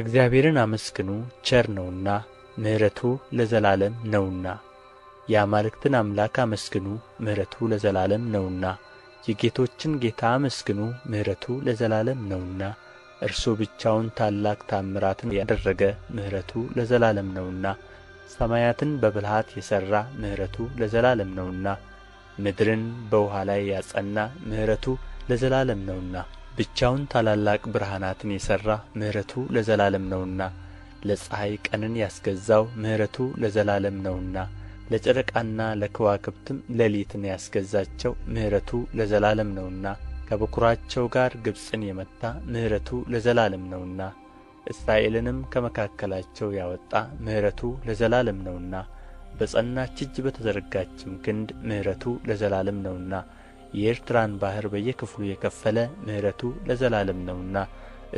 እግዚአብሔርን አመስግኑ ቸር ነውና ምሕረቱ ለዘላለም ነውና የአማልክትን አምላክ አመስግኑ ምሕረቱ ለዘላለም ነውና የጌቶችን ጌታ አመስግኑ ምሕረቱ ለዘላለም ነውና እርሱ ብቻውን ታላቅ ታምራትን ያደረገ ምሕረቱ ለዘላለም ነውና ሰማያትን በብልሃት የሠራ ምሕረቱ ለዘላለም ነውና ምድርን በውኃ ላይ ያጸና ምሕረቱ ለዘላለም ነውና ብቻውን ታላላቅ ብርሃናትን የሠራ ምሕረቱ ለዘላለም ነውና ለፀሐይ ቀንን ያስገዛው ምሕረቱ ለዘላለም ነውና ለጨረቃና ለከዋክብትም ሌሊትን ያስገዛቸው ምሕረቱ ለዘላለም ነውና ከበኵራቸው ጋር ግብጽን የመታ ምሕረቱ ለዘላለም ነውና እስራኤልንም ከመካከላቸው ያወጣ ምሕረቱ ለዘላለም ነውና በጸናች እጅ በተዘረጋችም ክንድ ምሕረቱ ለዘላለም ነውና የኤርትራን ባሕር በየክፍሉ የከፈለ ምሕረቱ ለዘላለም ነውና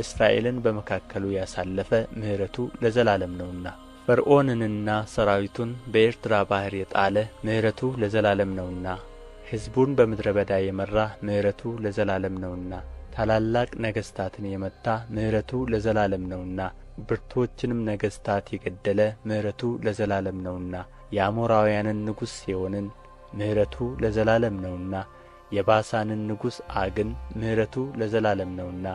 እስራኤልን በመካከሉ ያሳለፈ ምሕረቱ ለዘላለም ነውና ፈርዖንንና ሰራዊቱን በኤርትራ ባሕር የጣለ ምሕረቱ ለዘላለም ነውና ሕዝቡን በምድረ በዳ የመራ ምሕረቱ ለዘላለም ነውና ታላላቅ ነገሥታትን የመታ ምሕረቱ ለዘላለም ነውና ብርቶችንም ነገሥታት የገደለ ምሕረቱ ለዘላለም ነውና የአሞራውያንን ንጉሥ ሴዎንን ምሕረቱ ለዘላለም ነውና የባሳንን ንጉሥ አግን ምሕረቱ ለዘላለም ነውና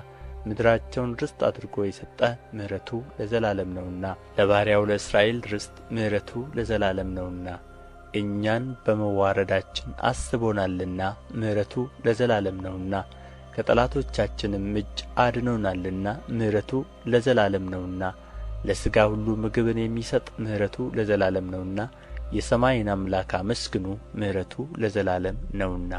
ምድራቸውን ርስት አድርጎ የሰጠ ምሕረቱ ለዘላለም ነውና ለባሪያው ለእስራኤል ርስት ምሕረቱ ለዘላለም ነውና እኛን በመዋረዳችን አስቦናልና ምሕረቱ ለዘላለም ነውና ከጠላቶቻችንም እጅ አድኖናልና ምሕረቱ ለዘላለም ነውና ለሥጋ ሁሉ ምግብን የሚሰጥ ምሕረቱ ለዘላለም ነውና የሰማይን አምላክ አመስግኑ ምሕረቱ ለዘላለም ነውና